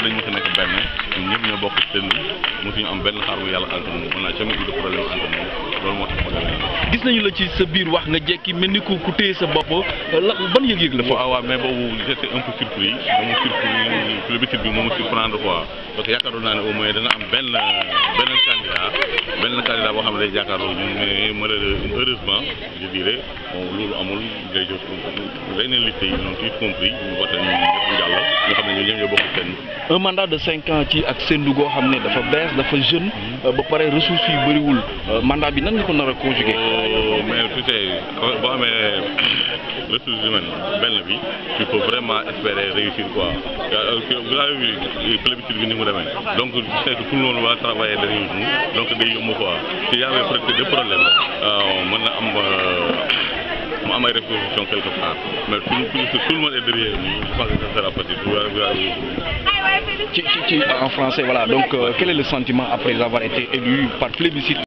ñëpp dañ mos a nekk benn ñun ñëpp ñoo bokk seen mosuñu am benn xaar bu yàlla entraînement on a jamais eu de problème entraînement loolu la ci sa biir wax nga jekki mel ni ku ku sa bopp euh, la la. waaw waaw mais boobu j'étais un peu surpris dama surpris plébiscite bi moom surprendre quoi parce naa ne au dana am benn benn candidat benn candidat boo xam ne day jàkkaarloo ñun mais malheureusement heureusement je dirais bon loolu amul léeg-léeg leneen liste yi ñoom ñu voté ñu ñëpp jàll ñu xam ne ñun ñëpp ñoo bokk un mandat de 5 ans qui ak Sendou goo xam ne dafa de dafa jeune euh, ba pare ressources yu bëriwul euh, mandat bi nan nga ko nar a conjuguer. Euh, mais tu sais boo xamee ressources humaines benn vie il faut vraiment espérer réussir quoi vous avez vu plébiscite bi ni mu demee donc c'est que tout le monde va travailler derrière nous donc day yomb quoi s'il y avait presque deux problèmes mën na am. mu quelque part mais tout tout le monde est derrière nous je pense que ça sera facile en français, voilà. Donc, euh, quel est le sentiment après avoir été élu par plébiscite